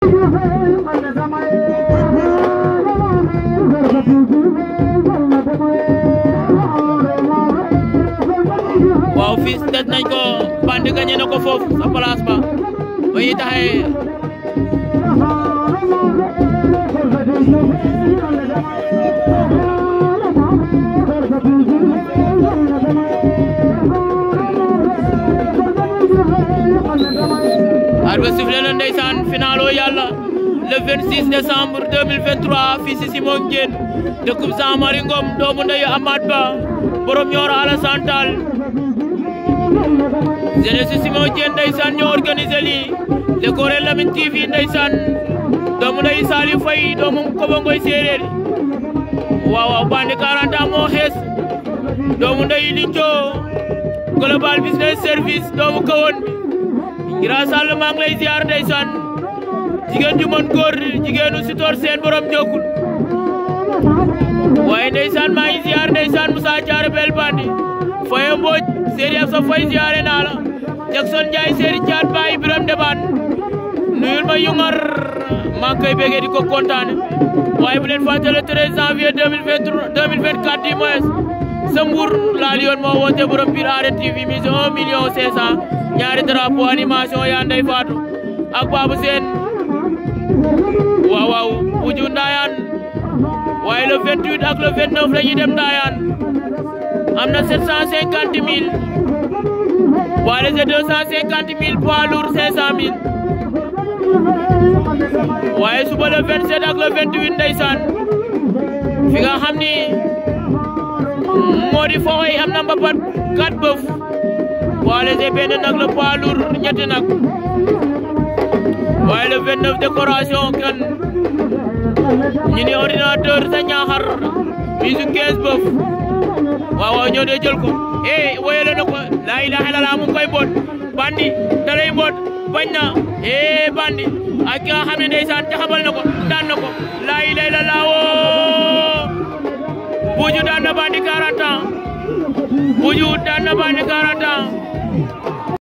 waaw fii tëj nañ ko bandi gañe na ko foofu sa place ba ba yi taxee Thank you. arbitre sifflé na ndeysaan finalo yàlla le 26 décembre 2023 fii si Simon Diène dëkkub Jean Marie Ngom doomu ndeyu Amath Ba borom Nioro Alassane Tall jeunesse Simon Diène ndeysaan ñoo organisé lii le Gorée Lamine TV ndeysaan doomu ndeyu Saliou Faye doomu Kobongoy séeréer waaw waaw bandi 40 ans moo xees doomu ndeyu Lidio global business service doomu kawoon bi Gira Sall maa ngi lay ziar ndeysaan jigéen ju mën góor jigéenu Sitor Sène borom jokkul waaye ndeysaan maa ngi ziar ndeysaan Moussa Thiaré Bel Bandi Foye Mbodj Seri ak sa Foye ziare naa la Jackson Ndiaye Seri Thiat Baye Birame Debane nuyul ma yungar maa ngi koy ko kontaane waaye bu leen fàttali le 13 janvier 2023 2024 di sa mbuur laal yoon moo woote borom biir arène TV mission un million cinq cent ñaari drapeau animation yaa nday faatu ak Babou Sène waaw waaw uju Ndayane waaye le 28 ak le 29 la ñuy dem Ndayane am na 750 000 poids léger 250 000 poids lourd 500 waaye suba le 27 ak le 28 ndeysaan fi nga xam ni moo di Foxoy am na mbapat quatre bëf poids léger benn nag la poids lourd ñetti nag waaye le 29 décoration kan ñu ne ordinateur sa ñaaxar bisu 15 bëf waaw waaw ñoo dee ko eh woyale na ko laa ilaaha illallaah koy boot bandi da lay bañ na eh bandi ak ki nga xam ne ndeysaan jaxabal na ko daan na ko Buju the Nabani Karata.